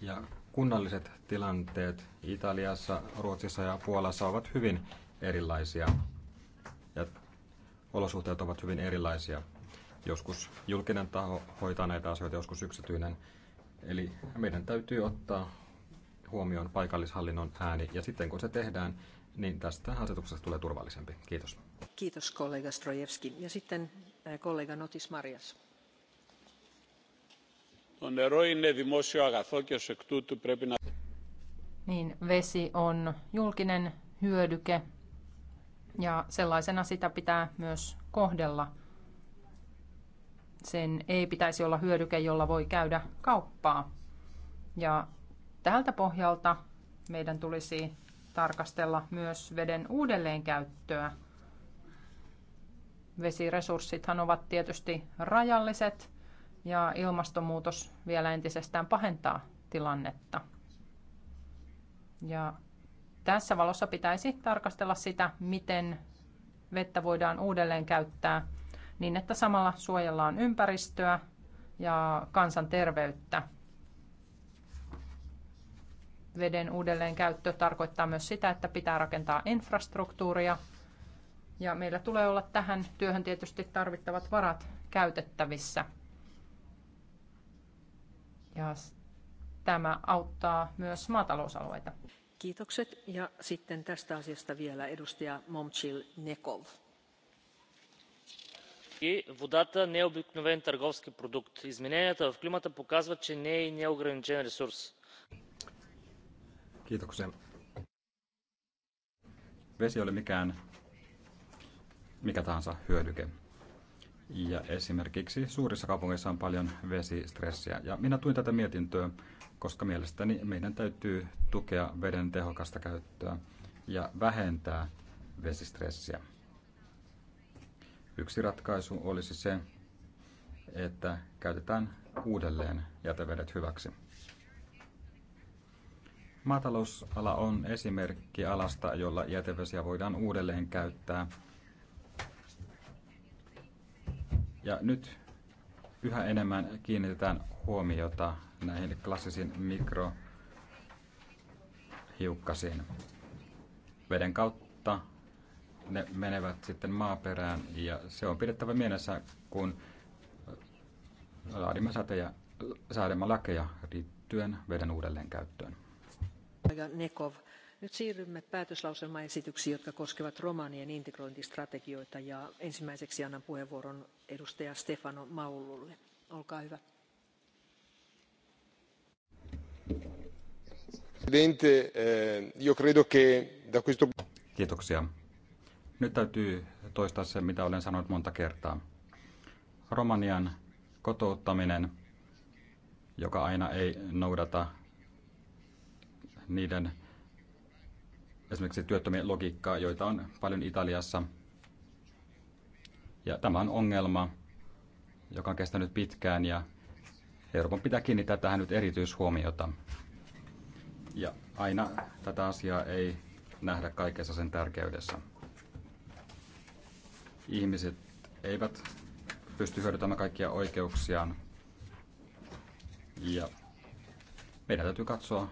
Ja kunnalliset tilanteet Italiassa, Ruotsissa ja Puolassa ovat hyvin erilaisia. Ja olosuhteet ovat hyvin erilaisia. Joskus julkinen taho hoitaa näitä asioita, joskus yksityinen. Eli meidän täytyy ottaa huomioon paikallishallinnon ääni. Ja sitten kun se tehdään, niin tästä asetuksesta tulee turvallisempi. Kiitos. Kiitos kollega Strojevski. Ja sitten kollega Notis Marias niin vesi on julkinen hyödyke ja sellaisena sitä pitää myös kohdella. Sen ei pitäisi olla hyödyke, jolla voi käydä kauppaa. Ja tältä pohjalta meidän tulisi tarkastella myös veden uudelleenkäyttöä. Vesiresurssithan ovat tietysti rajalliset ja ilmastonmuutos vielä entisestään pahentaa tilannetta. Ja tässä valossa pitäisi tarkastella sitä, miten vettä voidaan uudelleen käyttää niin, että samalla suojellaan ympäristöä ja kansanterveyttä. Veden uudelleen käyttö tarkoittaa myös sitä, että pitää rakentaa infrastruktuuria ja meillä tulee olla tähän työhön tietysti tarvittavat varat käytettävissä – ja tämä auttaa myös maatalousalueita. Kiitokset. Ja sitten tästä asiasta vielä edustaja Momchil Nekov. Водата не е обикновен търговски продукт. Измененията в климата показват, че не е и неограничен ресурс. Kiitoksia. Vesi ei ole mikään mikä tahansa hyödyke. Ja esimerkiksi suurissa kaupungeissa on paljon vesistressiä. Ja minä tuin tätä mietintöä, koska mielestäni meidän täytyy tukea veden tehokasta käyttöä ja vähentää vesistressiä. Yksi ratkaisu olisi se, että käytetään uudelleen jätevedet hyväksi. Maatalousala on esimerkki alasta, jolla jätevesiä voidaan uudelleen käyttää – Ja nyt yhä enemmän kiinnitetään huomiota näihin klassisiin mikrohiukkasiin. Veden kautta ne menevät sitten maaperään ja se on pidettävä mielessä, kun laadimme sätejä, säädämme lakeja liittyen veden uudelleenkäyttöön. Nekov. Nyt siirrymme päätöslauselmaesityksiin, jotka koskevat romanien integrointistrategioita. Ja ensimmäiseksi annan puheenvuoron edustaja Stefano Maululle. Olkaa hyvä. Presidente, eh, io credo che da questo... Kiitoksia. Nyt täytyy toistaa se, mitä olen sanonut monta kertaa. Romanian kotouttaminen, joka aina ei noudata niiden esimerkiksi työttömien logiikkaa, joita on paljon Italiassa. Ja tämä on ongelma, joka on kestänyt pitkään ja Euroopan pitää kiinnittää tähän nyt erityishuomiota. Ja aina tätä asiaa ei nähdä kaikessa sen tärkeydessä. Ihmiset eivät pysty hyödyntämään kaikkia oikeuksiaan. Ja meidän täytyy katsoa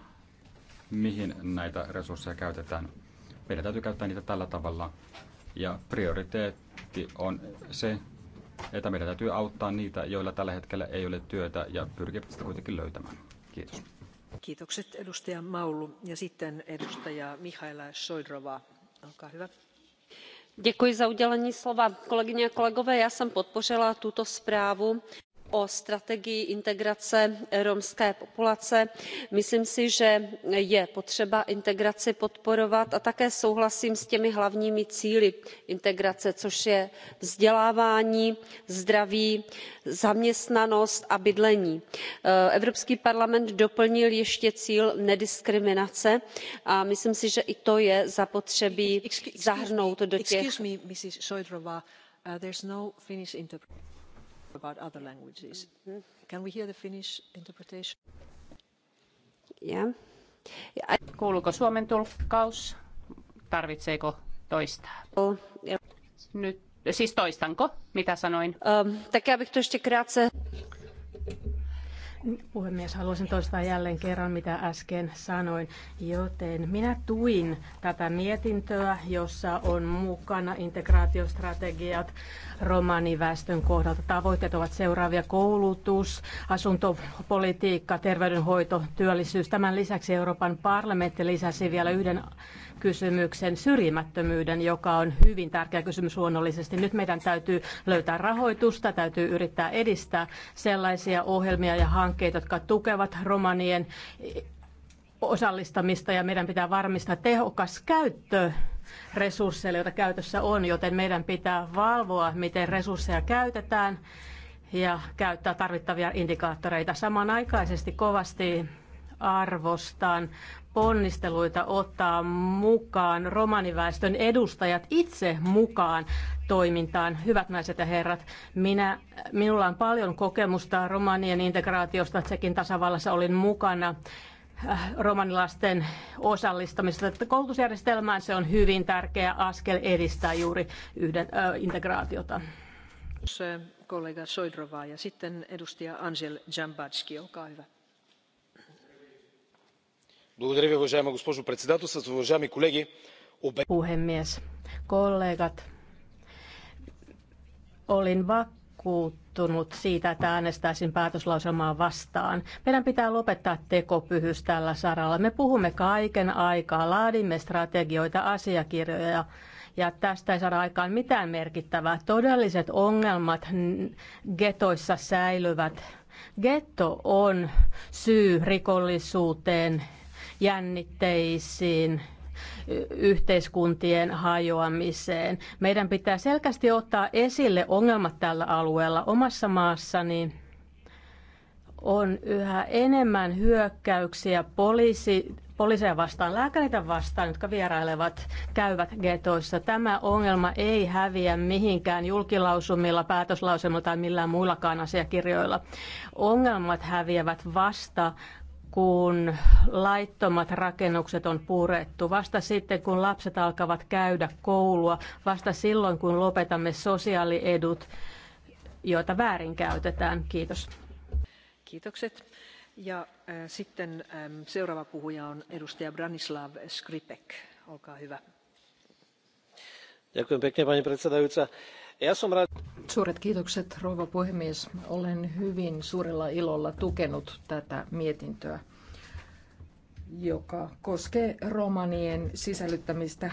mihin näitä resursseja käytetään. Meidän täytyy käyttää niitä tällä tavalla. Ja prioriteetti on se, että meidän täytyy auttaa niitä, joilla tällä hetkellä ei ole työtä ja pyrkivät sitä kuitenkin löytämään. Kiitos. Kiitokset edustaja Maulu. Ja sitten edustaja Mihaila Soidrova. Olkaa hyvä. Děkuji za udělení slova. Kolegyně a kolegové, já jsem podpořila tuto zprávu o strategii integrace romské populace myslím si že je potřeba integraci podporovat a také souhlasím s těmi hlavními cíli integrace což je vzdělávání zdraví zaměstnanost a bydlení. evropský parlament doplnil ještě cíl nediskriminace a myslím si že i to je zapotřebí zahrnout do těch about other languages. Can we hear the Finnish interpretation? Kuuluuko Suomen tulkkaus? Tarvitseeko toistaa? Oh, Nyt, siis toistanko, mitä sanoin? Um, Puhemies, haluaisin toistaa jälleen kerran, mitä äsken sanoin, joten minä tuin tätä mietintöä, jossa on mukana integraatiostrategiat romaniväestön kohdalta. Tavoitteet ovat seuraavia koulutus, asuntopolitiikka, terveydenhoito, työllisyys. Tämän lisäksi Euroopan parlamentti lisäsi vielä yhden kysymyksen, syrjimättömyyden, joka on hyvin tärkeä kysymys luonnollisesti. Nyt meidän täytyy löytää rahoitusta, täytyy yrittää edistää sellaisia ohjelmia ja hankkeita, jotka tukevat romanien osallistamista ja meidän pitää varmistaa tehokas käyttö resursseille, joita käytössä on, joten meidän pitää valvoa, miten resursseja käytetään ja käyttää tarvittavia indikaattoreita. Samanaikaisesti kovasti arvostaan ponnisteluita ottaa mukaan romaniväestön edustajat itse mukaan toimintaan. Hyvät naiset ja herrat, minä, minulla on paljon kokemusta romanien integraatiosta. Tsekin tasavallassa olin mukana äh, romanilasten osallistamista. Että koulutusjärjestelmään se on hyvin tärkeä askel edistää juuri yhden, ö, äh, integraatiota. Se kollega Soidrova ja sitten edustaja Angel Jambatski, olkaa hyvä. Puhemies, kollegat, olin vakuuttunut siitä, että äänestäisin päätöslauselmaa vastaan. Meidän pitää lopettaa tekopyhys tällä saralla. Me puhumme kaiken aikaa, laadimme strategioita, asiakirjoja ja tästä ei saada aikaan mitään merkittävää. Todelliset ongelmat getoissa säilyvät. Getto on syy rikollisuuteen, jännitteisiin yhteiskuntien hajoamiseen. Meidän pitää selkeästi ottaa esille ongelmat tällä alueella. Omassa maassani on yhä enemmän hyökkäyksiä poliisi, poliiseja vastaan, lääkäreitä vastaan, jotka vierailevat, käyvät getoissa. Tämä ongelma ei häviä mihinkään julkilausumilla, päätöslausumilla tai millään muillakaan asiakirjoilla. Ongelmat häviävät vasta, kun laittomat rakennukset on purettu, vasta sitten kun lapset alkavat käydä koulua, vasta silloin kun lopetamme sosiaaliedut, joita väärinkäytetään. Kiitos. Kiitokset. Ja äh, sitten ähm, seuraava puhuja on edustaja Branislav Skripek. Olkaa hyvä. Ďakujem pekne, pani predsedajúca. Ja som rád... Suuret kiitokset, rouva puhemies. Olen hyvin suurella ilolla tukenut tätä mietintöä, joka koskee romanien sisällyttämistä,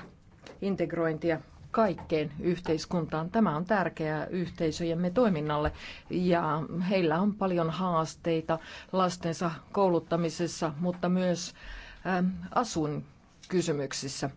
integrointia kaikkeen yhteiskuntaan. Tämä on tärkeää yhteisöjemme toiminnalle ja heillä on paljon haasteita lastensa kouluttamisessa, mutta myös kysymyksissä.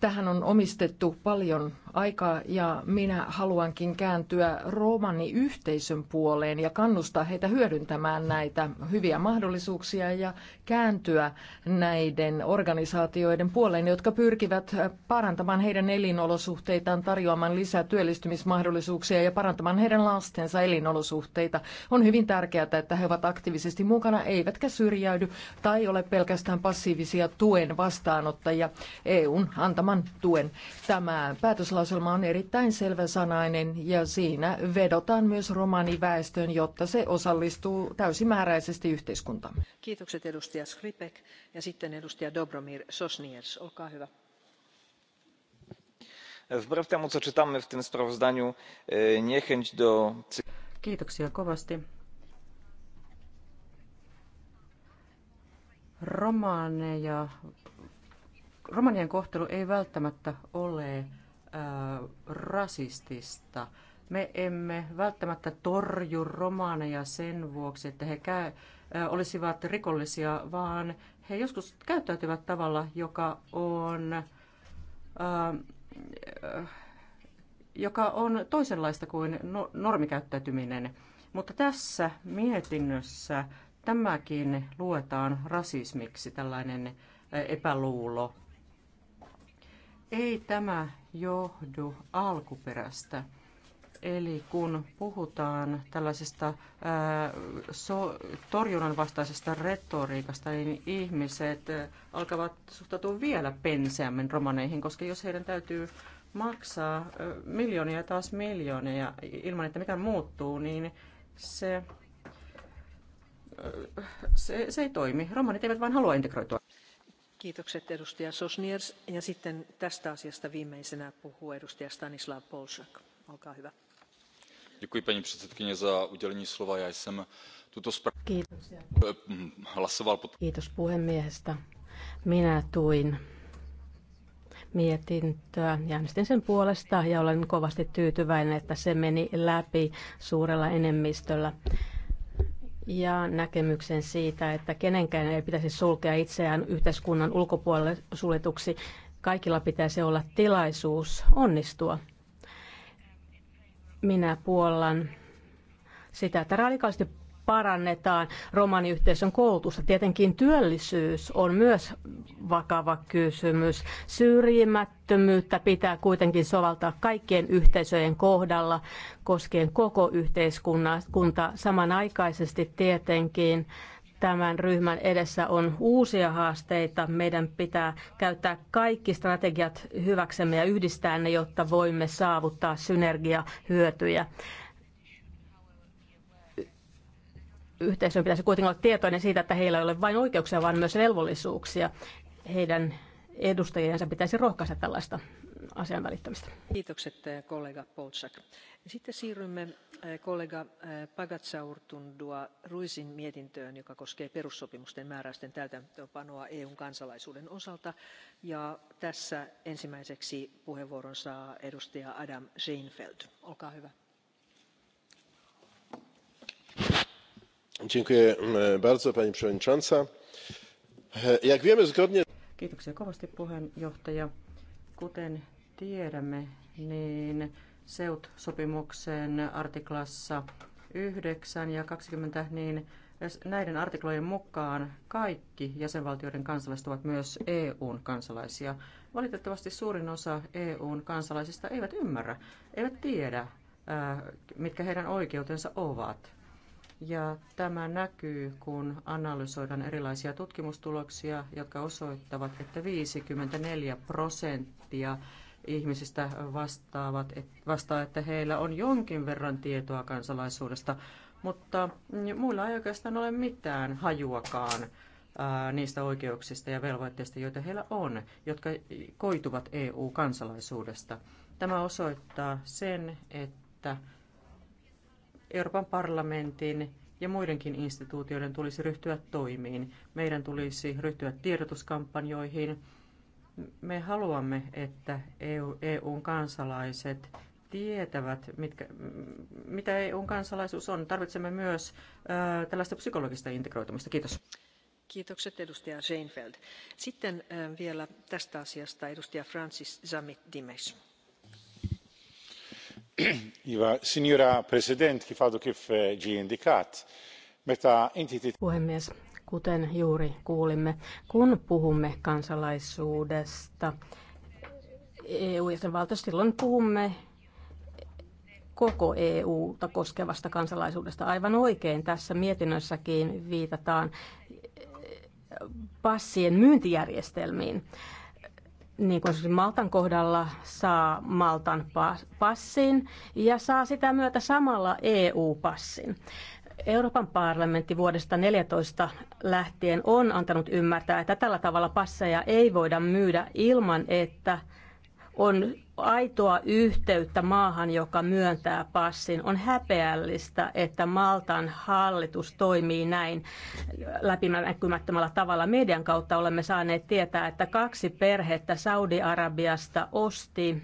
Tähän on omistettu paljon aikaa ja minä haluankin kääntyä romaniyhteisön puoleen ja kannustaa heitä hyödyntämään näitä hyviä mahdollisuuksia ja kääntyä näiden organisaatioiden puoleen, jotka pyrkivät parantamaan heidän elinolosuhteitaan, tarjoamaan lisää työllistymismahdollisuuksia ja parantamaan heidän lastensa elinolosuhteita. On hyvin tärkeää, että he ovat aktiivisesti mukana, eivätkä syrjäydy tai ole pelkästään passiivisia tuen vastaanottajia EUn antaman tuen. Tämä päätös Päätöslauselma on erittäin selväsanainen ja siinä vedotaan myös romaniväestöön, jotta se osallistuu täysimääräisesti yhteiskuntaan. Kiitokset edustaja Skripek ja sitten edustaja Dobromir Sosniers. Olkaa hyvä. Wbrew temu, co czytamy w tym sprawozdaniu, e, niechęć do... Kiitoksia kovasti. Romaaneja Romanian kohtelu ei välttämättä ole rasistista. Me emme välttämättä torju romaneja sen vuoksi, että he käy, olisivat rikollisia, vaan he joskus käyttäytyvät tavalla, joka on, ö, joka on toisenlaista kuin no, normikäyttäytyminen. Mutta tässä mietinnössä tämäkin luetaan rasismiksi, tällainen epäluulo ei tämä johdu alkuperästä. Eli kun puhutaan tällaisesta ää, so, torjunnan vastaisesta retoriikasta, niin ihmiset ää, alkavat suhtautua vielä penseämmin romaneihin, koska jos heidän täytyy maksaa ää, miljoonia taas miljoonia ilman, että mikään muuttuu, niin se, ää, se, se ei toimi. Romanit eivät vain halua integroitua. Kiitokset edustaja Sosniers. Ja sitten tästä asiasta viimeisenä puhuu edustaja Stanislav Polsak. Olkaa hyvä. Děkuji paní předsedkyně za udělení slova. Já jsem tuto hlasoval Kiitos puhemiehestä. Minä tuin mietintöä ja äänestin sen puolesta ja olen kovasti tyytyväinen, että se meni läpi suurella enemmistöllä ja näkemyksen siitä, että kenenkään ei pitäisi sulkea itseään yhteiskunnan ulkopuolelle suljetuksi. Kaikilla pitäisi olla tilaisuus onnistua. Minä puollan sitä, että radikaalisti parannetaan romaniyhteisön koulutusta. Tietenkin työllisyys on myös vakava kysymys. Syrjimättömyyttä pitää kuitenkin sovaltaa kaikkien yhteisöjen kohdalla koskien koko yhteiskunta. Samanaikaisesti tietenkin tämän ryhmän edessä on uusia haasteita. Meidän pitää käyttää kaikki strategiat hyväksemme ja yhdistää ne, jotta voimme saavuttaa synergiahyötyjä. yhteisön pitäisi kuitenkin olla tietoinen siitä, että heillä ei ole vain oikeuksia, vaan myös velvollisuuksia. Heidän edustajiensa pitäisi rohkaista tällaista asian välittämistä. Kiitokset eh, kollega Polsak. Sitten siirrymme eh, kollega eh, Pagatsaurtundua Ruisin mietintöön, joka koskee perussopimusten määräysten täytäntöönpanoa EUn kansalaisuuden osalta. Ja tässä ensimmäiseksi puheenvuoron saa edustaja Adam Seinfeld. Olkaa hyvä. Mm, pani przewodnicząca! E, jak wiemy zgodnie. kiitoksia kovasti puheenjohtaja kuten tiedämme niin ceut sopimuksen artiklassa yhdeksän ja kaksikymmentä niin näiden artiklojen mukaan kaikki jäsenvaltioiden kansalaiset ovat myös EUn kansalaisia. Valitettavasti suurin osa EUn kansalaisista eivät ymmärrä, eivät tiedä, mitkä heidän oikeutensa ovat ja tämä näkyy, kun analysoidaan erilaisia tutkimustuloksia, jotka osoittavat, että 54 prosenttia ihmisistä vastaavat, vastaa, että heillä on jonkin verran tietoa kansalaisuudesta, mutta muilla ei oikeastaan ole mitään hajuakaan niistä oikeuksista ja velvoitteista, joita heillä on, jotka koituvat EU-kansalaisuudesta. Tämä osoittaa sen, että Euroopan parlamentin ja muidenkin instituutioiden tulisi ryhtyä toimiin. Meidän tulisi ryhtyä tiedotuskampanjoihin. Me haluamme, että EU, EUn kansalaiset tietävät, mitkä, mitä EUn kansalaisuus on. Tarvitsemme myös ää, tällaista psykologista integroitumista. Kiitos. Kiitokset edustaja Seinfeld. Sitten ää, vielä tästä asiasta edustaja Francis Zamit Dimes arvoisa puhemies kuten juuri kuulimme kun puhumme kansalaisuudesta eu jäsenvaltiosta silloin puhumme koko EU-ta koskevasta kansalaisuudesta. Aivan oikein tässä mietinnössäkin viitataan eh, passien myyntijärjestelmiin niin kuin Maltan kohdalla saa Maltan passin ja saa sitä myötä samalla EU-passin. Euroopan parlamentti vuodesta 2014 lähtien on antanut ymmärtää, että tällä tavalla passeja ei voida myydä ilman, että on aitoa yhteyttä maahan, joka myöntää passin. On häpeällistä, että Maltan hallitus toimii näin läpinäkymättömällä tavalla. Median kautta olemme saaneet tietää, että kaksi perhettä Saudi-Arabiasta osti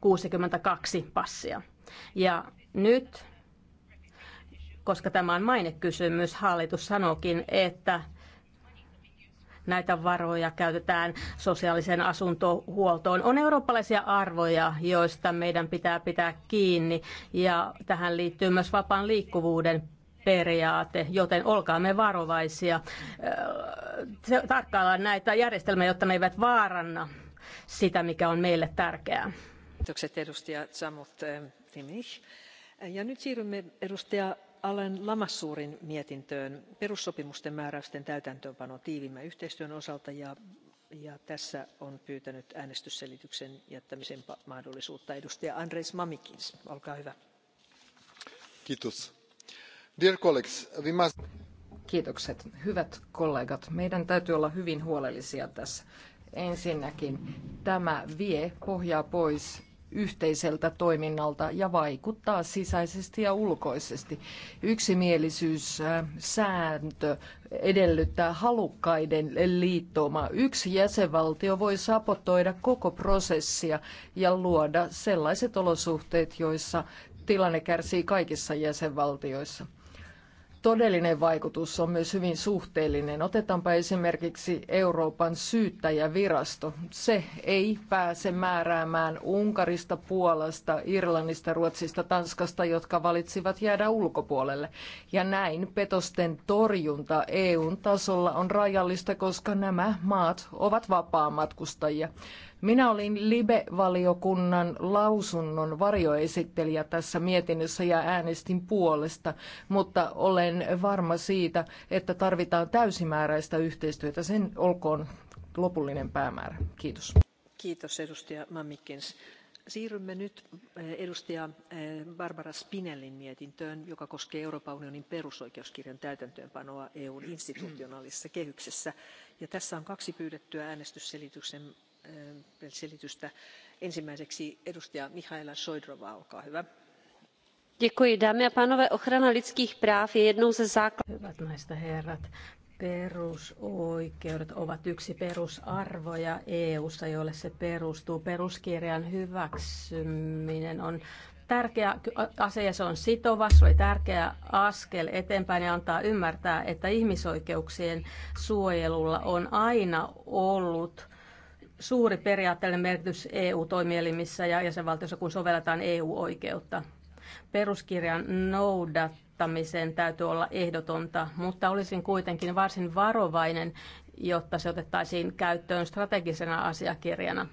62 passia. Ja nyt, koska tämä on mainekysymys, hallitus sanokin, että näitä varoja käytetään sosiaaliseen asuntohuoltoon. On eurooppalaisia arvoja, joista meidän pitää pitää kiinni ja tähän liittyy myös vapaan liikkuvuuden periaate, joten olkaamme varovaisia. Tarkkaillaan näitä järjestelmiä, jotta ne eivät vaaranna sitä, mikä on meille tärkeää. Kiitokset edustaja Samut eh, Timich. Ja nyt siirrymme edustaja alain lamassuurin mietintöön perussopimusten määräysten täytäntöönpanon tiiviimmän yhteistyön osalta ja, tässä on pyytänyt äänestysselityksen jättämisen mahdollisuutta edustaja Andres Mamikins. Olkaa hyvä. Kiitos. Dear colleagues, we must... Kiitokset. Hyvät kollegat, meidän täytyy olla hyvin huolellisia tässä. Ensinnäkin tämä vie pohjaa pois yhteiseltä toiminnalta ja vaikuttaa sisäisesti ja ulkoisesti. Yksimielisyyssääntö äh, edellyttää halukkaiden liittoma. Yksi jäsenvaltio voi sabotoida koko prosessia ja luoda sellaiset olosuhteet, joissa tilanne kärsii kaikissa jäsenvaltioissa todellinen vaikutus on myös hyvin suhteellinen. Otetaanpa esimerkiksi Euroopan syyttäjävirasto. Se ei pääse määräämään Unkarista, Puolasta, Irlannista, Ruotsista, Tanskasta, jotka valitsivat jäädä ulkopuolelle. Ja näin petosten torjunta EUn tasolla on rajallista, koska nämä maat ovat vapaamatkustajia. matkustajia. Minä olin Libe-valiokunnan lausunnon varjoesittelijä tässä mietinnössä ja äänestin puolesta, mutta olen varma siitä, että tarvitaan täysimääräistä yhteistyötä. Sen olkoon lopullinen päämäärä. Kiitos. Kiitos edustaja Mammikens. Siirrymme nyt eh, edustaja eh, Barbara Spinellin mietintöön, joka koskee Euroopan unionin perusoikeuskirjan täytäntöönpanoa EUn institutionaalisessa kehyksessä. Ja tässä on kaksi pyydettyä äänestysselityksen selitystä. Ensimmäiseksi edustaja Dámy a pánové, ochrana lidských práv je jednou ze herrat, perusoikeudet ovat yksi perusarvoja e ssa jolle se perustuu. Peruskirjan hyväksyminen on tärkeä asia, se on sitova, se oli tärkeä askel eteenpäin ja antaa ymmärtää, että ihmisoikeuksien suojelulla on aina ollut suuri periaatteellinen merkitys EU-toimielimissä ja jäsenvaltiossa, kun sovelletaan EU-oikeutta. Peruskirjan noudattamisen täytyy olla ehdotonta, mutta olisin kuitenkin varsin varovainen, jotta se otettaisiin käyttöön strategisena asiakirjana.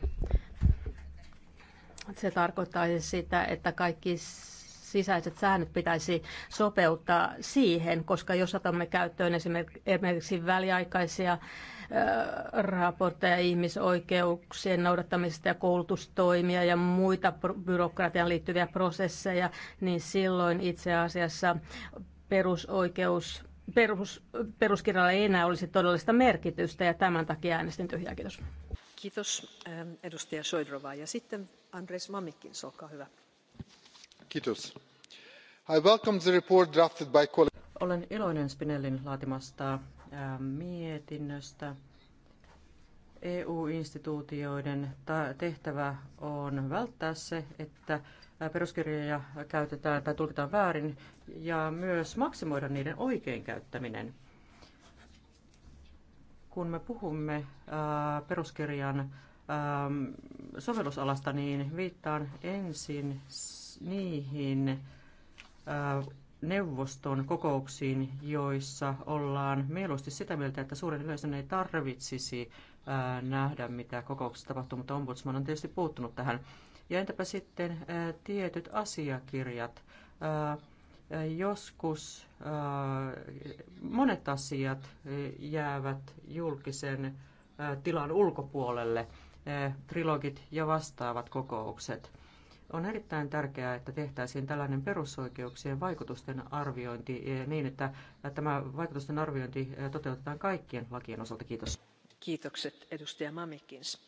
Se tarkoittaisi sitä, että kaikki sisäiset säännöt pitäisi sopeuttaa siihen, koska jos otamme käyttöön esimerkiksi väliaikaisia raportteja ihmisoikeuksien noudattamisesta ja koulutustoimia ja muita byrokratiaan liittyviä prosesseja, niin silloin itse asiassa perusoikeus perus, peruskirjalla ei enää olisi todellista merkitystä ja tämän takia äänestin tyhjää. Kiitos. Kiitos ähm, edustaja Soidrova. Ja sitten Andres Mamikin, olkaa hyvä. Kiitos. I welcome the report drafted by olen iloinen Spinellin laatimasta mietinnöstä. EU-instituutioiden tehtävä on välttää se, että peruskirjoja käytetään tai tulkitaan väärin ja myös maksimoida niiden oikein käyttäminen. Kun me puhumme peruskirjan sovellusalasta, niin viittaan ensin niihin neuvoston kokouksiin, joissa ollaan mieluusti sitä mieltä, että suuren yleisön ei tarvitsisi nähdä, mitä kokouksessa tapahtuu, mutta ombudsman on tietysti puuttunut tähän. Ja entäpä sitten tietyt asiakirjat? Joskus monet asiat jäävät julkisen tilan ulkopuolelle, trilogit ja vastaavat kokoukset – on erittäin tärkeää, että tehtäisiin tällainen perusoikeuksien vaikutusten arviointi eh, niin, että tämä vaikutusten arviointi eh, toteutetaan kaikkien lakien osalta. Kiitos. Kiitokset edustaja Mamikins.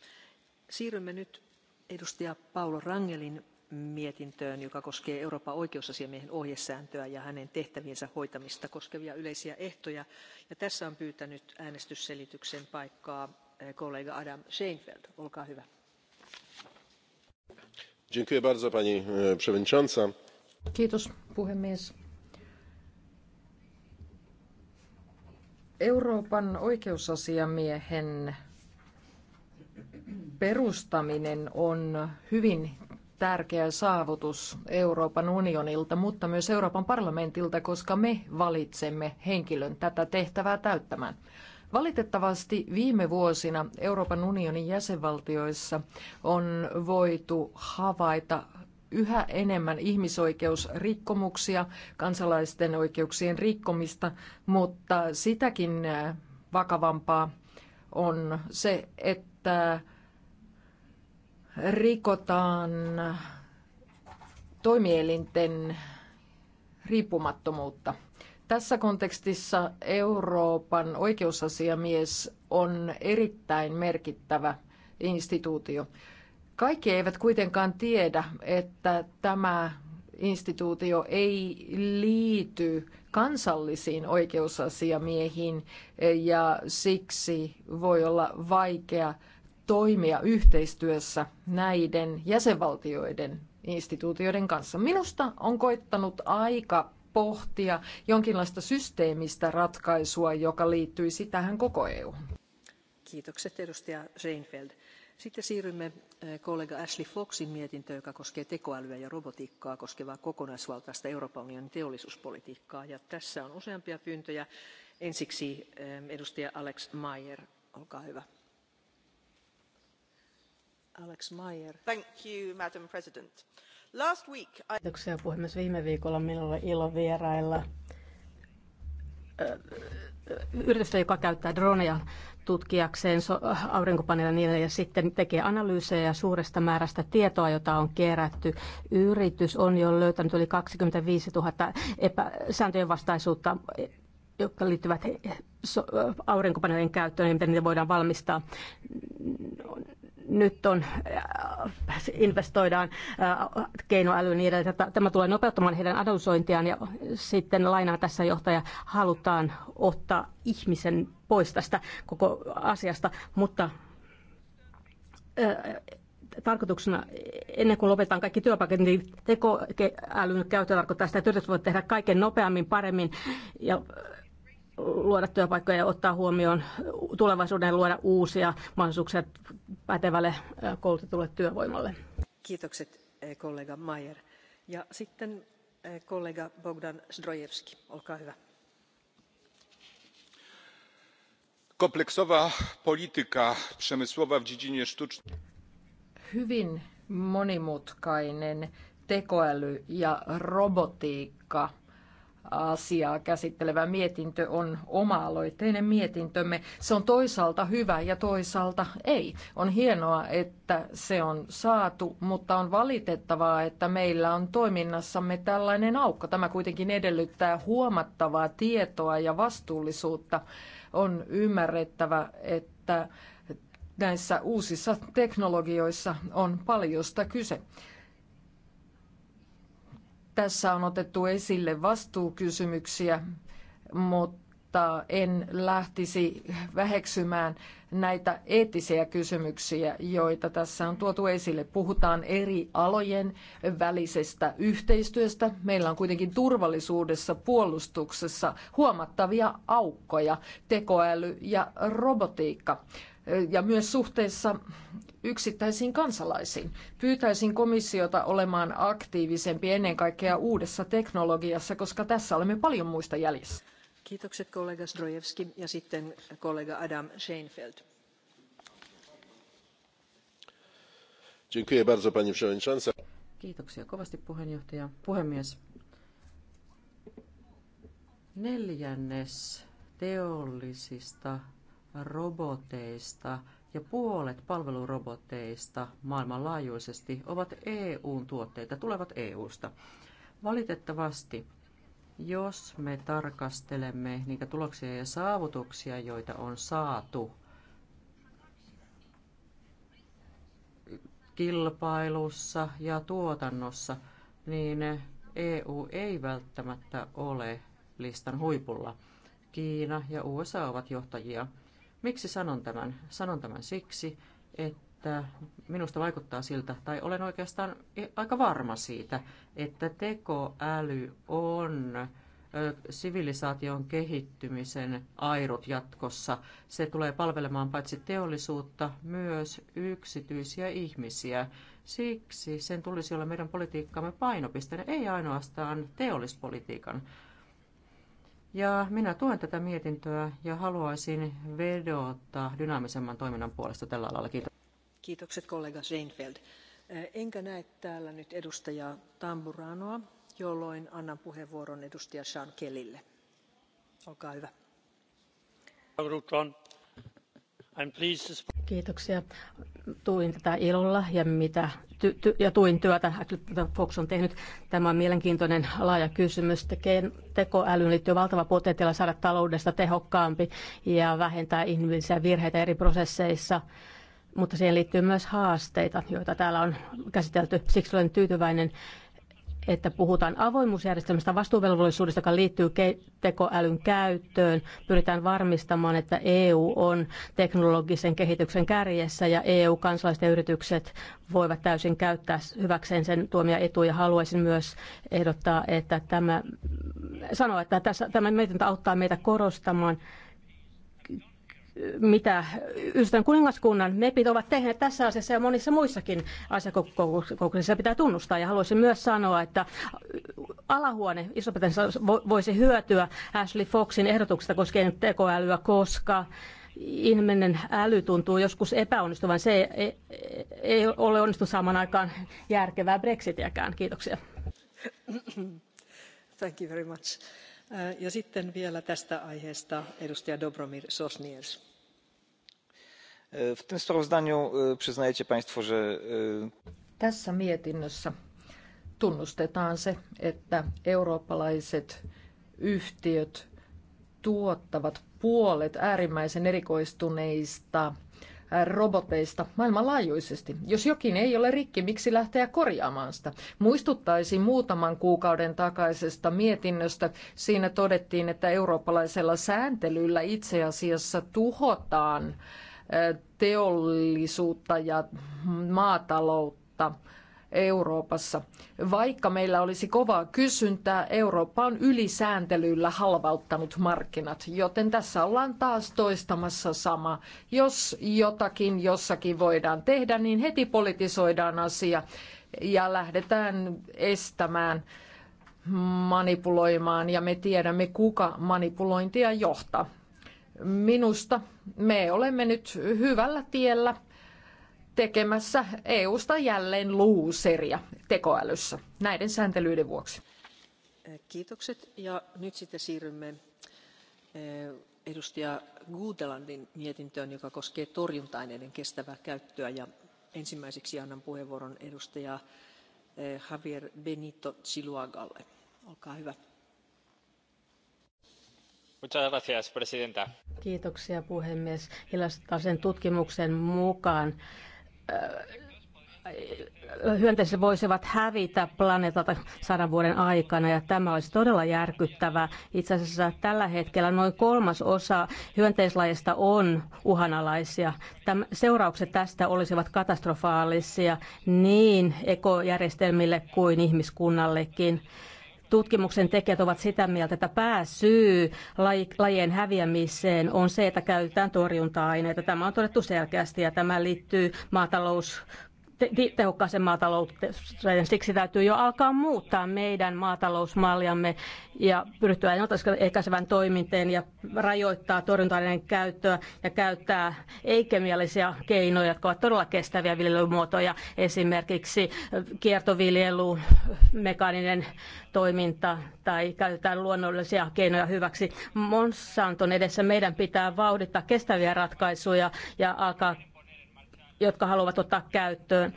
Siirrymme nyt edustaja Paulo Rangelin mietintöön, joka koskee Euroopan oikeusasiamiehen ohjesääntöä ja hänen tehtäviensä hoitamista koskevia yleisiä ehtoja. Ja tässä on pyytänyt äänestysselityksen paikkaa eh, kollega Adam Scheinfeld. Olkaa hyvä pani e, przewodnicząca! Kiitos puhemies. Euroopan oikeusasiamiehen perustaminen on hyvin tärkeä saavutus Euroopan unionilta, mutta myös Euroopan parlamentilta, koska me valitsemme henkilön tätä tehtävää täyttämään. Valitettavasti viime vuosina Euroopan unionin jäsenvaltioissa on voitu havaita yhä enemmän ihmisoikeusrikkomuksia, kansalaisten oikeuksien rikkomista, mutta sitäkin vakavampaa on se, että rikotaan toimielinten riippumattomuutta – tässä kontekstissa Euroopan oikeusasiamies on erittäin merkittävä instituutio. Kaikki eivät kuitenkaan tiedä, että tämä instituutio ei liity kansallisiin oikeusasiamiehiin ja siksi voi olla vaikea toimia yhteistyössä näiden jäsenvaltioiden instituutioiden kanssa. Minusta on koittanut aika pohtia jonkinlaista systeemistä ratkaisua, joka liittyisi tähän koko EU. Kiitokset edustaja Reinfeldt. Sitten siirrymme eh, kollega Ashley Foxin mietintöön, joka koskee tekoälyä ja robotiikkaa koskevaa kokonaisvaltaista Euroopan unionin teollisuuspolitiikkaa. Ja tässä on useampia pyyntöjä. Ensiksi eh, edustaja Alex Mayer, olkaa hyvä. Alex Mayer. Thank you, Madam President. Last week I... Kiitoksia puhemies. Viime viikolla minulla oli ilo vierailla yritystä, joka käyttää droneja tutkijakseen aurinkopaneeleja niille ja sitten tekee analyysejä suuresta määrästä tietoa, jota on kerätty. Yritys on jo löytänyt yli 25 000 epä- sääntöjen vastaisuutta jotka liittyvät aurinkopaneelien käyttöön ja miten niitä voidaan valmistaa nyt on, äh, investoidaan äh, keinoälyyn niin edelleen. Tämä tulee nopeuttamaan heidän analysointiaan ja sitten lainaa tässä johtaja halutaan ottaa ihmisen pois tästä koko asiasta, mutta äh, tarkoituksena, ennen kuin lopetetaan kaikki työpaikat, niin tekoälyn käyttö tarkoittaa sitä, että voi tehdä kaiken nopeammin, paremmin ja luoda työpaikkoja ja ottaa huomioon tulevaisuuden luoda uusia mahdollisuuksia pätevälle koulutetulle työvoimalle. Kiitokset e, kollega Mayer. Ja sitten e, kollega Bogdan Zdrojewski, olkaa hyvä. Kompleksowa polityka przemysłowa w dziedzinie sztucznej. Hyvin monimutkainen tekoäly ja robotiikka asiaa käsittelevä mietintö on oma-aloitteinen mietintömme. Se on toisaalta hyvä ja toisaalta ei. On hienoa, että se on saatu, mutta on valitettavaa, että meillä on toiminnassamme tällainen aukko. Tämä kuitenkin edellyttää huomattavaa tietoa ja vastuullisuutta. On ymmärrettävä, että näissä uusissa teknologioissa on paljosta kyse. Tässä on otettu esille vastuukysymyksiä, mutta en lähtisi väheksymään näitä eettisiä kysymyksiä, joita tässä on tuotu esille. Puhutaan eri alojen välisestä yhteistyöstä. Meillä on kuitenkin turvallisuudessa, puolustuksessa huomattavia aukkoja, tekoäly ja robotiikka. Ja myös suhteessa yksittäisiin kansalaisiin. Pyytäisin komissiota olemaan aktiivisempi ennen kaikkea uudessa teknologiassa, koska tässä olemme paljon muista jäljessä. Kiitokset kollega Strojevski ja sitten kollega Adam Scheinfeld. Kiitoksia kovasti puheenjohtaja. Puhemies. Neljännes teollisista roboteista – ja puolet palveluroboteista maailmanlaajuisesti ovat EUn tuotteita, tulevat EUsta. Valitettavasti, jos me tarkastelemme niitä tuloksia ja saavutuksia, joita on saatu kilpailussa ja tuotannossa, niin EU ei välttämättä ole listan huipulla. Kiina ja USA ovat johtajia. Miksi sanon tämän? Sanon tämän siksi, että minusta vaikuttaa siltä, tai olen oikeastaan aika varma siitä, että tekoäly on sivilisaation kehittymisen airut jatkossa. Se tulee palvelemaan paitsi teollisuutta, myös yksityisiä ihmisiä. Siksi sen tulisi olla meidän politiikkamme painopisteenä, ei ainoastaan teollispolitiikan ja minä tuen tätä mietintöä ja haluaisin vedota dynaamisemman toiminnan puolesta tällä alalla. Kiitos. Kiitokset kollega Seinfeld. Äh, enkä näe täällä nyt edustaja Tamburanoa, jolloin annan puheenvuoron edustaja Sean Kellylle. Olkaa hyvä. Kiitoksia. Tuin tätä ilolla ja mitä ty- ty- ja tuin työtä, Fox on tehnyt. Tämä on mielenkiintoinen laaja kysymys. Tekeen tekoälyyn liittyy valtava potentiaali saada taloudesta tehokkaampi ja vähentää inhimillisiä virheitä eri prosesseissa mutta siihen liittyy myös haasteita, joita täällä on käsitelty. Siksi olen tyytyväinen, että puhutaan avoimuusjärjestelmästä vastuuvelvollisuudesta, joka liittyy tekoälyn käyttöön. Pyritään varmistamaan, että EU on teknologisen kehityksen kärjessä ja EU-kansalaiset ja yritykset voivat täysin käyttää hyväkseen sen tuomia etuja. Haluaisin myös ehdottaa, että tämä sanoa, että tässä, tämä mietintä auttaa meitä korostamaan mitä ystävän kuningaskunnan MEPit ovat tehneet tässä asiassa ja monissa muissakin asiakokouksissa pitää tunnustaa. Ja haluaisin myös sanoa, että alahuone iso voisi hyötyä Ashley Foxin ehdotuksesta koskien tekoälyä, koska ihminen äly tuntuu joskus epäonnistuvan. Se ei, ei, ei ole onnistunut saamaan aikaan järkevää brexitiäkään. Kiitoksia. Thank you very much. Äh, ja sitten vielä tästä aiheesta edustaja dobromir sosnier. Äh, tässä mietinnössä tunnustetaan se, että eurooppalaiset yhtiöt tuottavat puolet äärimmäisen erikoistuneista roboteista maailmanlaajuisesti. Jos jokin ei ole rikki, miksi lähteä korjaamaan sitä? Muistuttaisin muutaman kuukauden takaisesta mietinnöstä. Siinä todettiin, että eurooppalaisella sääntelyllä itse asiassa tuhotaan teollisuutta ja maataloutta Euroopassa. Vaikka meillä olisi kovaa kysyntää, Eurooppa on ylisääntelyllä halvauttanut markkinat, joten tässä ollaan taas toistamassa sama. Jos jotakin jossakin voidaan tehdä, niin heti politisoidaan asia ja lähdetään estämään manipuloimaan ja me tiedämme, kuka manipulointia johtaa. Minusta me olemme nyt hyvällä tiellä tekemässä EUsta jälleen luuseria tekoälyssä näiden sääntelyiden vuoksi. Kiitokset ja nyt sitten siirrymme eh, edustaja Guutelandin mietintöön, joka koskee torjunta-aineiden kestävää käyttöä. Ja ensimmäiseksi annan puheenvuoron edustaja eh, Javier Benito Chiluagalle. Olkaa hyvä. Kiitoksia puhemies. Hiljattaisen tutkimuksen mukaan hyönteiset voisivat hävitä planeetalta sadan vuoden aikana, ja tämä olisi todella järkyttävää. Itse asiassa tällä hetkellä noin kolmas osa hyönteislajista on uhanalaisia. Täm, seuraukset tästä olisivat katastrofaalisia niin ekojärjestelmille kuin ihmiskunnallekin tutkimuksen tekijät ovat sitä mieltä, että pääsyy lajien häviämiseen on se, että käytetään torjunta-aineita. Tämä on todettu selkeästi ja tämä liittyy maatalous te- tehokkaaseen maatalouteen. Siksi täytyy jo alkaa muuttaa meidän maatalousmalliamme ja pyrkiä ennaltaehkäisevän toiminteen ja rajoittaa torjunta käyttöä ja käyttää ei-kemiallisia keinoja, jotka ovat todella kestäviä viljelymuotoja, esimerkiksi kiertoviljely, mekaaninen toiminta tai käytetään luonnollisia keinoja hyväksi. Monsanton edessä meidän pitää vauhdittaa kestäviä ratkaisuja ja alkaa jotka haluavat ottaa käyttöön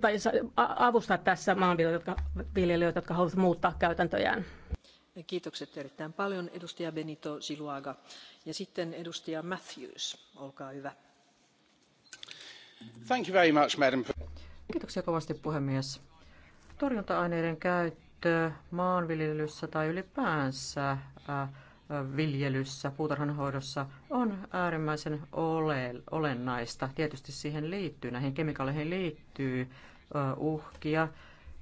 tai avustaa tässä maanviljelijöitä, jotka haluavat muuttaa käytäntöjään. Kiitokset erittäin paljon edustaja Benito Siluaga. Ja sitten edustaja Matthews, olkaa hyvä. Thank you very much, madam. Kiitoksia kovasti puhemies. Torjunta-aineiden käyttö maanviljelyssä tai ylipäänsä äh, viljelyssä, puutarhanhoidossa on äärimmäisen ole, olennaista. Tietysti siihen liittyy, näihin kemikaaleihin liittyy uhkia.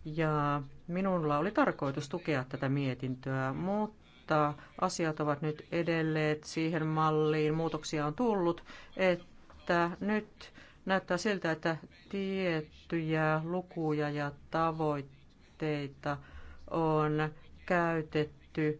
Ja minulla oli tarkoitus tukea tätä mietintöä, mutta asiat ovat nyt edelleet siihen malliin, muutoksia on tullut, että nyt näyttää siltä, että tiettyjä lukuja ja tavoitteita on käytetty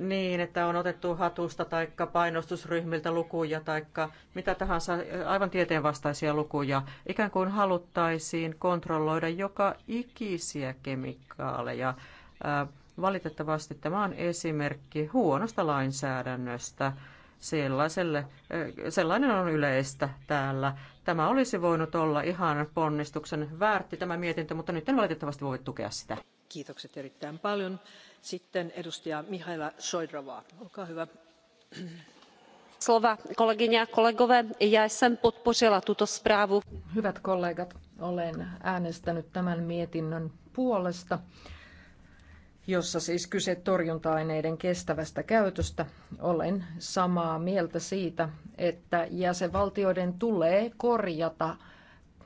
niin, että on otettu hatusta tai painostusryhmiltä lukuja tai mitä tahansa aivan tieteenvastaisia lukuja. Ikään kuin haluttaisiin kontrolloida joka ikisiä kemikaaleja. Valitettavasti tämä on esimerkki huonosta lainsäädännöstä. Sellaiselle, sellainen on yleistä täällä. Tämä olisi voinut olla ihan ponnistuksen väärti tämä mietintö, mutta nyt en valitettavasti voi tukea sitä kiitokset erittäin paljon. sitten edustaja mihaela šojdrová olkaa hyvä. já jäsen, podpořila tuto zprávu. hyvät kollegat olen äänestänyt tämän mietinnön puolesta jossa siis kyse torjunta-aineiden kestävästä käytöstä. Olen samaa mieltä siitä, että jäsenvaltioiden tulee korjata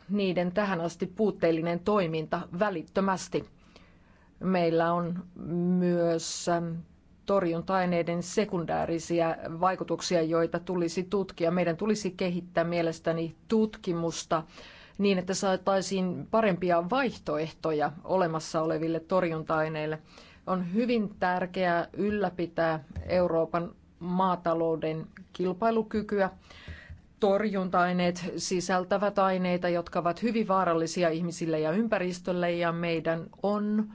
niiden tähän asti puutteellinen toiminta välittömästi. Meillä on myös ähm, torjunta-aineiden sekundäärisiä vaikutuksia, joita tulisi tutkia. Meidän tulisi kehittää mielestäni tutkimusta niin, että saataisiin parempia vaihtoehtoja olemassa oleville torjunta-aineille. On hyvin tärkeää ylläpitää Euroopan maatalouden kilpailukykyä. Torjunta-aineet sisältävät aineita, jotka ovat hyvin vaarallisia ihmisille ja ympäristölle, ja meidän on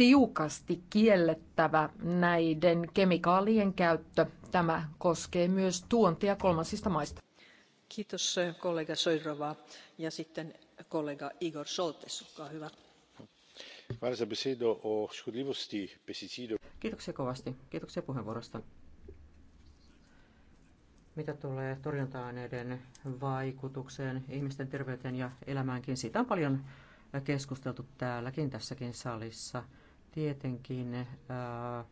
tiukasti kiellettävä näiden kemikaalien käyttö. Tämä koskee myös tuontia kolmansista maista. Kiitos eh, kollega Soirova ja sitten kollega Igor Soltes, olkaa hyvä. Kiitoksia kovasti. Kiitoksia puheenvuorosta. Mitä tulee torjunta-aineiden vaikutukseen ihmisten terveyteen ja elämäänkin, siitä on paljon keskusteltu täälläkin tässäkin salissa – tietenkin ää, äh,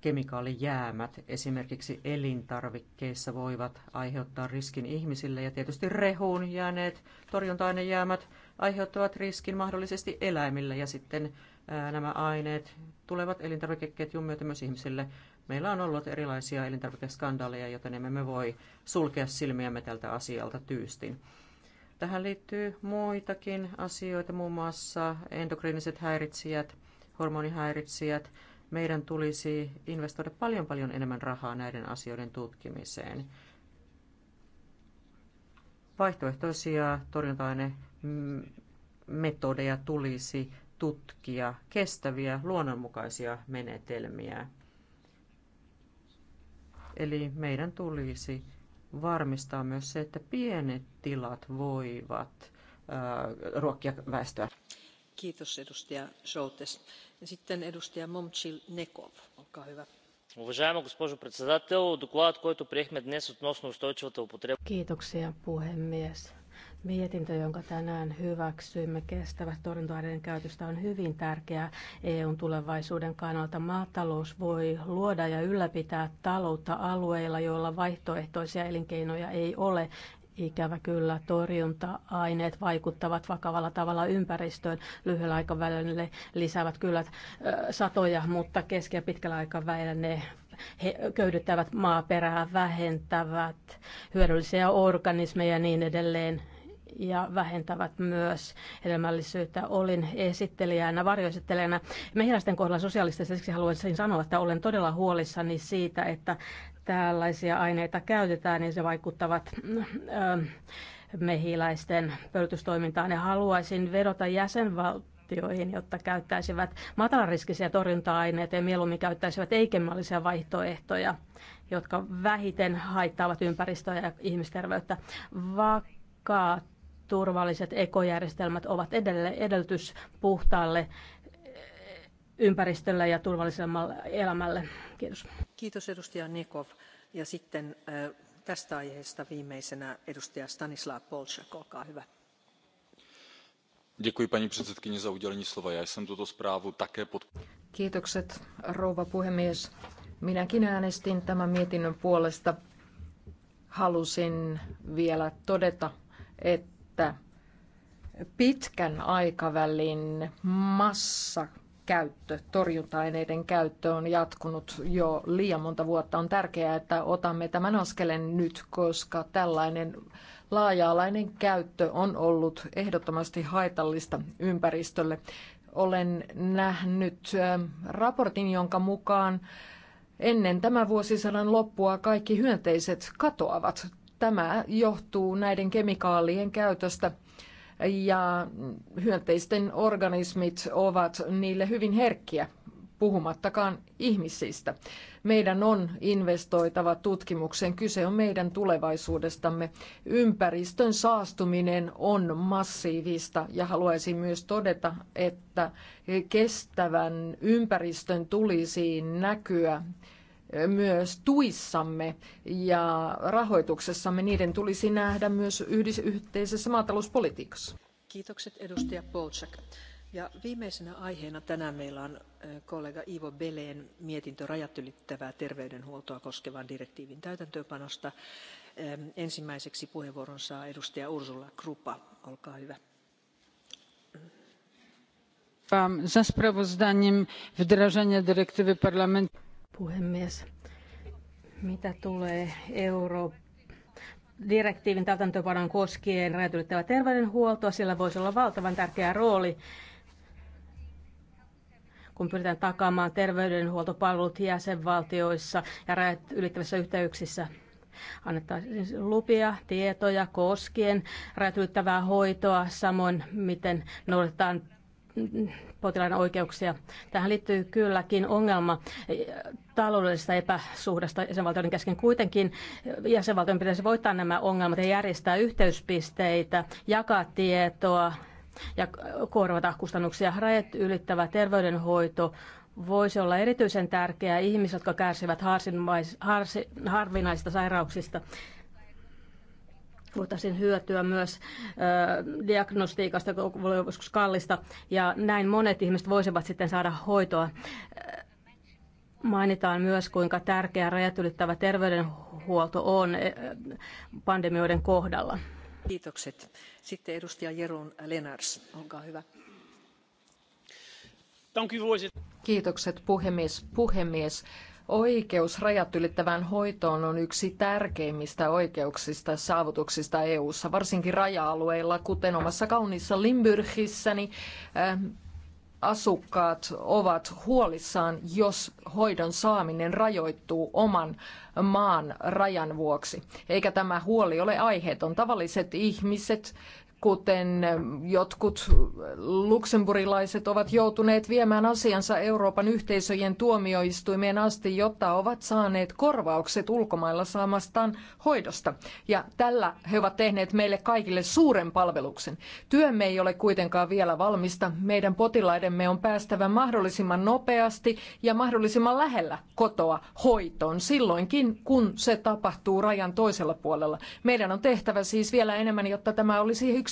kemikaalijäämät esimerkiksi elintarvikkeissa voivat aiheuttaa riskin ihmisille ja tietysti rehuun jääneet torjunta-ainejäämät aiheuttavat riskin mahdollisesti eläimille ja sitten ää, äh, nämä aineet tulevat elintarvikeketjun myötä myös ihmisille. Meillä on ollut erilaisia elintarvikeskandaaleja, joten emme me voi sulkea silmiämme tältä asialta tyystin. Tähän liittyy muitakin asioita, muun muassa endokriiniset häiritsijät – hormonihäiritsijät. Meidän tulisi investoida paljon paljon enemmän rahaa näiden asioiden tutkimiseen. Vaihtoehtoisia torjunta-aine metodeja tulisi tutkia, kestäviä luonnonmukaisia menetelmiä. Eli meidän tulisi varmistaa myös se, että pienet tilat voivat äh, ruokkia väestöä. Kiitos edustaja Soltes arvoisa puhemies mietintö jonka tänään hyväksyimme kestävästä torjunta käytöstä on hyvin tärkeä EUn tulevaisuuden kannalta. Maatalous voi luoda ja ylläpitää taloutta alueilla, joilla vaihtoehtoisia elinkeinoja ei ole ikävä kyllä torjunta-aineet vaikuttavat vakavalla tavalla ympäristöön lyhyellä aikavälillä. Ne lisäävät kyllä satoja, mutta keski- ja pitkällä aikavälillä ne he köydyttävät maaperää, vähentävät hyödyllisiä organismeja ja niin edelleen ja vähentävät myös hedelmällisyyttä. Olin esittelijänä, varjoesittelijänä mehiläisten kohdalla sosiaalista, siksi haluaisin sanoa, että olen todella huolissani siitä, että tällaisia aineita käytetään, niin se vaikuttavat ähm, mehiläisten pölytystoimintaan. Ja haluaisin vedota jäsenvaltioihin, jotta käyttäisivät matalariskisiä torjunta-aineita ja mieluummin käyttäisivät eikemmallisia vaihtoehtoja, jotka vähiten haittaavat ympäristöä ja ihmisterveyttä. Vakaat turvalliset ekojärjestelmät ovat edelleen edellytys puhtaalle ympäristölle ja turvallisemmalle elämälle. Kiitos. Kiitos edustaja Nikov. Ja sitten äh, tästä aiheesta viimeisenä edustaja Stanislav Polčak, olkaa hyvä. Děkuji paní předsedkyni za udělení slova. Já jsem tuto zprávu také pod... Kiitokset, rouva puhemies. Minäkin äänestin tämän mietinnön puolesta. Halusin vielä todeta, että pitkän aikavälin massa käyttö, torjunta-aineiden käyttö on jatkunut jo liian monta vuotta. On tärkeää, että otamme tämän askeleen nyt, koska tällainen laaja-alainen käyttö on ollut ehdottomasti haitallista ympäristölle. Olen nähnyt raportin, jonka mukaan ennen tämän vuosisadan loppua kaikki hyönteiset katoavat. Tämä johtuu näiden kemikaalien käytöstä ja hyönteisten organismit ovat niille hyvin herkkiä puhumattakaan ihmisistä. Meidän on investoitava tutkimukseen. Kyse on meidän tulevaisuudestamme. Ympäristön saastuminen on massiivista ja haluaisin myös todeta, että kestävän ympäristön tulisi näkyä myös tuissamme ja rahoituksessamme. Niiden tulisi nähdä myös yhteisessä maatalouspolitiikassa. Kiitokset edustaja Polczak. Ja viimeisenä aiheena tänään meillä on kollega Ivo Beleen mietintö rajat ylittävää terveydenhuoltoa koskevan direktiivin täytäntöönpanosta. Ensimmäiseksi puheenvuoron saa edustaja Ursula Krupa. Olkaa hyvä za sprawozdaniem wdrażania dyrektywy parlamentu puhemies. Mitä tulee Euroopan direktiivin täytäntöpanon koskien rajatylittävä terveydenhuoltoa, sillä voisi olla valtavan tärkeä rooli, kun pyritään takaamaan terveydenhuoltopalvelut jäsenvaltioissa ja rajat ylittävissä yhteyksissä. Annettaisiin lupia, tietoja koskien rajat ylittävää hoitoa, samoin miten noudatetaan potilaiden oikeuksia. Tähän liittyy kylläkin ongelma taloudellisesta epäsuhdasta jäsenvaltioiden kesken. Kuitenkin jäsenvaltioiden pitäisi voittaa nämä ongelmat ja järjestää yhteyspisteitä, jakaa tietoa ja korvata kustannuksia. Rajat ylittävä terveydenhoito voisi olla erityisen tärkeää ihmisille, jotka kärsivät harvinaisista sairauksista voitaisiin hyötyä myös ö, diagnostiikasta, joka voi joskus kallista, ja näin monet ihmiset voisivat sitten saada hoitoa. Mainitaan myös, kuinka tärkeä rajat ylittävä terveydenhuolto on pandemioiden kohdalla. Kiitokset. Sitten edustaja Jeroen Lenars, olkaa hyvä. Kiitokset puhemies. Puhemies, Oikeus rajat ylittävään hoitoon on yksi tärkeimmistä oikeuksista saavutuksista EU:ssa, varsinkin raja-alueilla, kuten omassa kauniissa Limburgissäni. Niin, asukkaat ovat huolissaan, jos hoidon saaminen rajoittuu oman maan rajan vuoksi. Eikä tämä huoli ole aiheeton. Tavalliset ihmiset kuten jotkut luksemburilaiset ovat joutuneet viemään asiansa Euroopan yhteisöjen tuomioistuimeen asti, jotta ovat saaneet korvaukset ulkomailla saamastaan hoidosta. Ja tällä he ovat tehneet meille kaikille suuren palveluksen. Työmme ei ole kuitenkaan vielä valmista. Meidän potilaidemme on päästävä mahdollisimman nopeasti ja mahdollisimman lähellä kotoa hoitoon silloinkin, kun se tapahtuu rajan toisella puolella. Meidän on tehtävä siis vielä enemmän, jotta tämä olisi yksi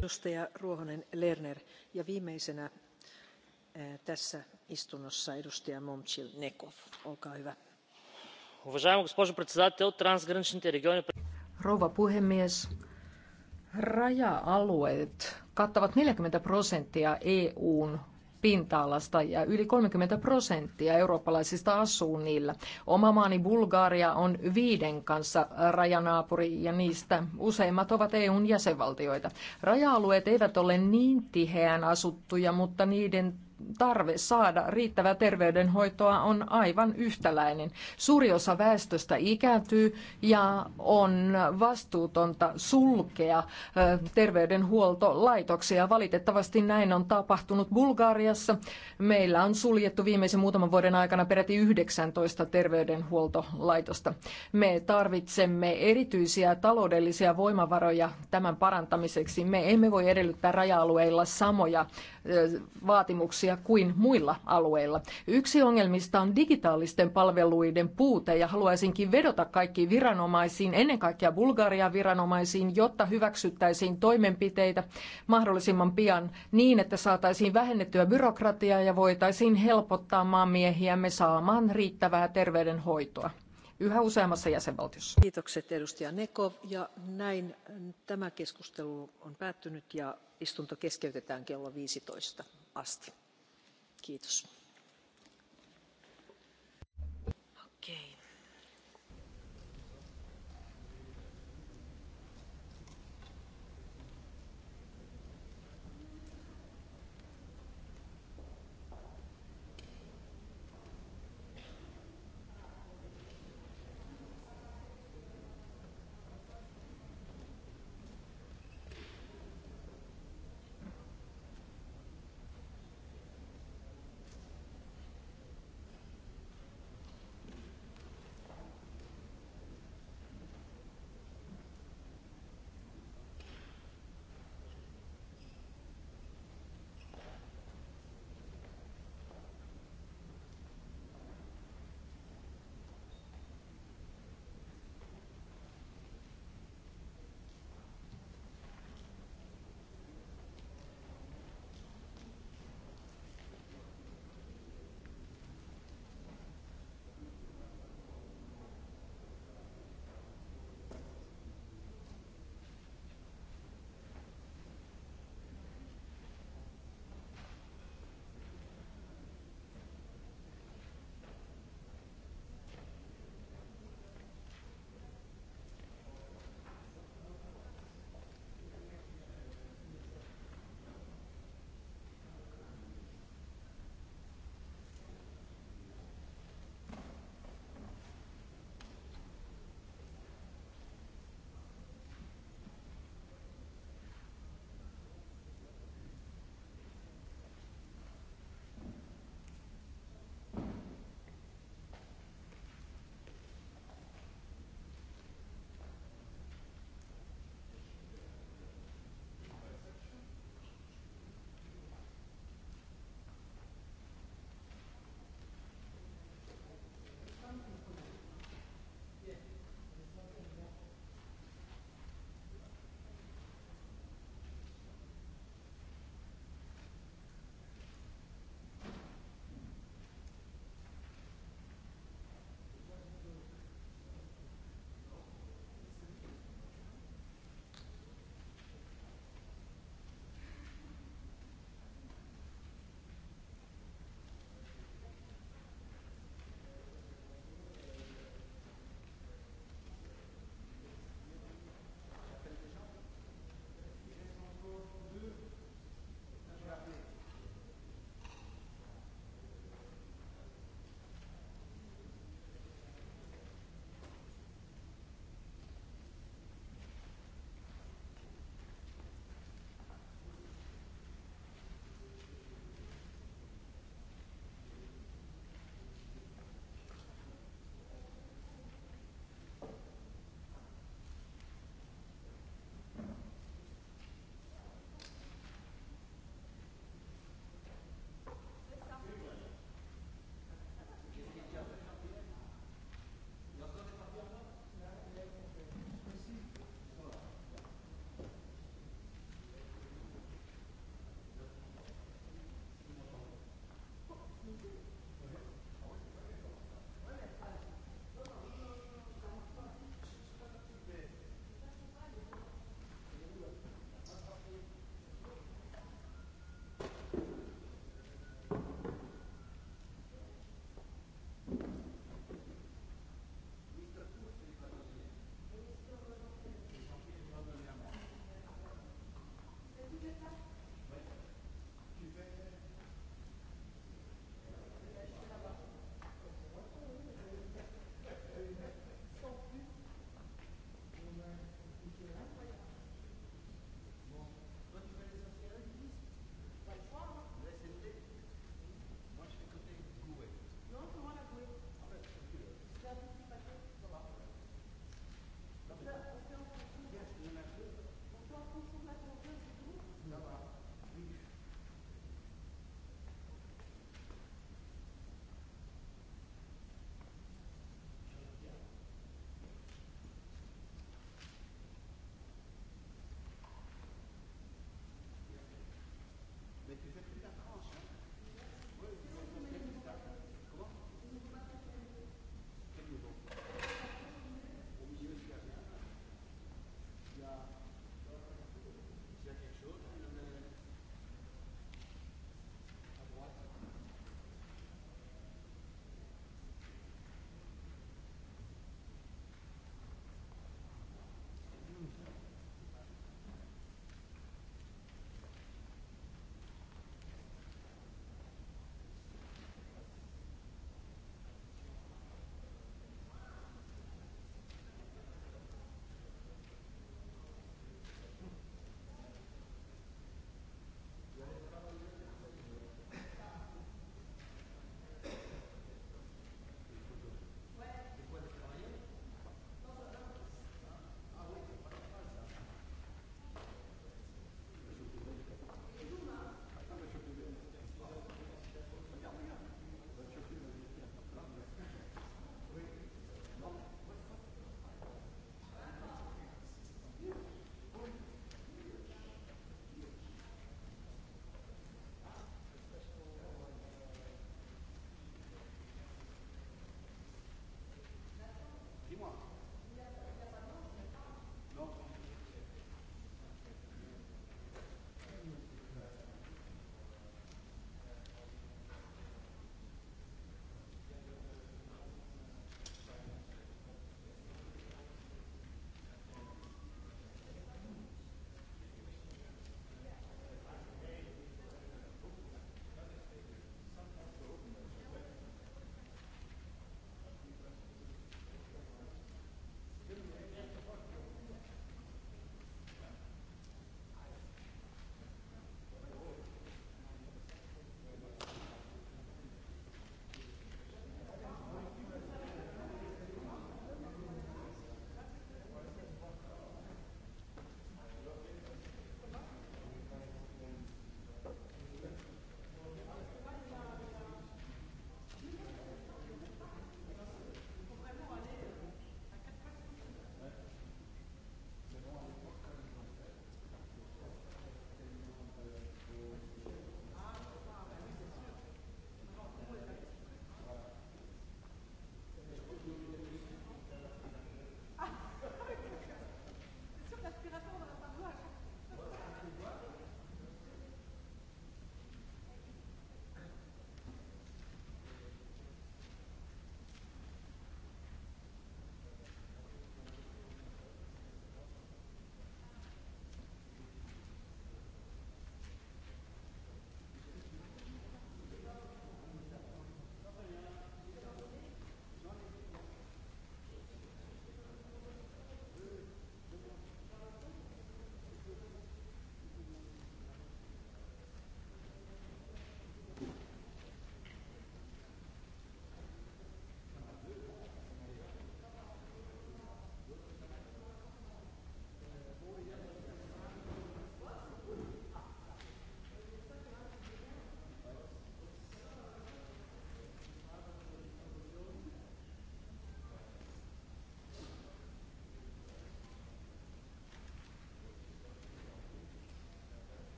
Edustaja Ruohonen Lerner ja viimeisenä eh, tässä istunnossa edustaja Momcil Nekov. Olkaa hyvä. Rouva puhemies, raja-alueet kattavat 40 prosenttia EUn pinta-alasta ja yli 30 prosenttia eurooppalaisista asuu niillä. Oma maani Bulgaria on viiden kanssa rajanaapuri ja niistä useimmat ovat EUn jäsenvaltioita. Raja-alueet eivät ole niin tiheään asuttuja, mutta niiden tarve saada riittävää terveydenhoitoa on aivan yhtäläinen. Suuri osa väestöstä ikääntyy ja on vastuutonta sulkea terveydenhuoltolaitoksia. Valitettavasti näin on tapahtunut Bulgariassa. Meillä on suljettu viimeisen muutaman vuoden aikana peräti 19 terveydenhuoltolaitosta. Me tarvitsemme erityisiä taloudellisia voimavaroja tämän parantamiseksi. Me emme voi edellyttää raja-alueilla samoja vaatimuksia vaikeuksia kuin muilla alueilla. Yksi ongelmista on digitaalisten palveluiden puute ja haluaisinkin vedota kaikkiin viranomaisiin, ennen kaikkea Bulgarian viranomaisiin, jotta hyväksyttäisiin toimenpiteitä mahdollisimman pian niin, että saataisiin vähennettyä byrokratiaa ja voitaisiin helpottaa maanmiehiämme saamaan riittävää terveydenhoitoa yhä useammassa jäsenvaltiossa. Kiitokset edustaja Neko. Ja näin mm, tämä keskustelu on päättynyt ja istunto keskeytetään kello 15 asti kiitos.